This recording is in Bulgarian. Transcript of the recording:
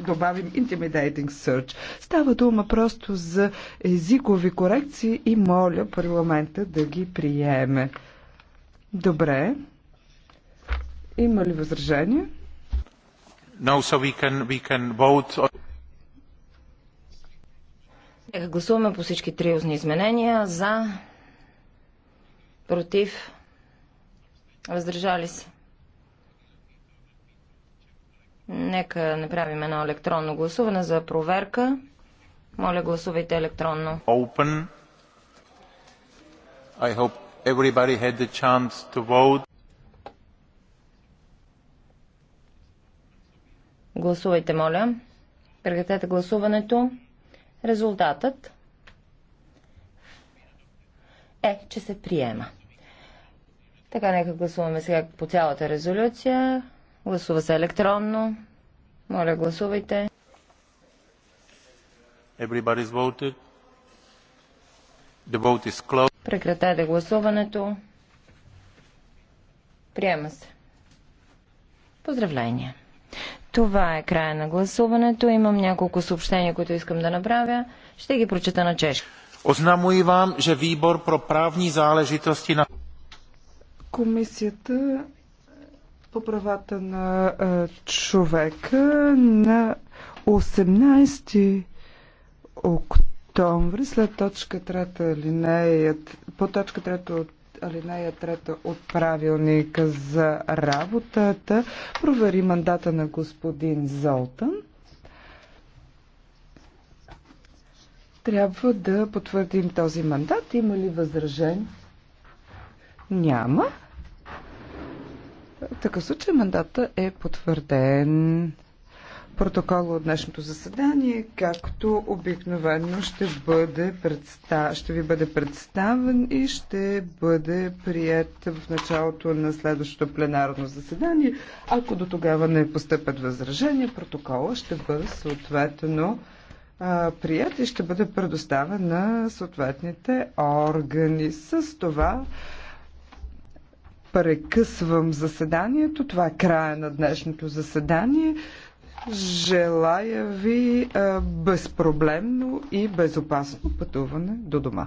добавим intimidating search. Става дума просто за езикови корекции и моля парламента да ги приеме. Добре. Има ли възражение? No, so we can, we can vote on... Нека гласуваме по всички три изменения. За, против, въздържали се. Нека направим едно електронно гласуване за проверка. Моля, гласувайте електронно. Open. I hope everybody had the chance to vote. Гласувайте, моля. Прекратете гласуването. Резултатът е, че се приема. Така, нека гласуваме сега по цялата резолюция. Гласува се електронно. Моля, гласувайте. Everybody's voted. The vote is closed. Прекратете гласуването. Приема се. Поздравления. Това е края на гласуването. Имам няколко съобщения, които искам да направя. Ще ги прочета на чешки. Ознамуй вам, че Вибор про правни záležitosti на Комисията по правата на човека на 18 октомври след точка 3 алинея, по точка 3 от алинея трета от правилника за работата провери мандата на господин Золтан. Трябва да потвърдим този мандат. Има ли възражен? Няма. Така случай мандата е потвърден. Протокола от днешното заседание, както обикновено ще, бъде предста... ще ви бъде представен и ще бъде прият в началото на следващото пленарно заседание. Ако до тогава не постъпят възражения, протокола ще бъде съответно прият и ще бъде предоставен на съответните органи. С това прекъсвам заседанието. Това е края на днешното заседание. Желая ви безпроблемно и безопасно пътуване до дома.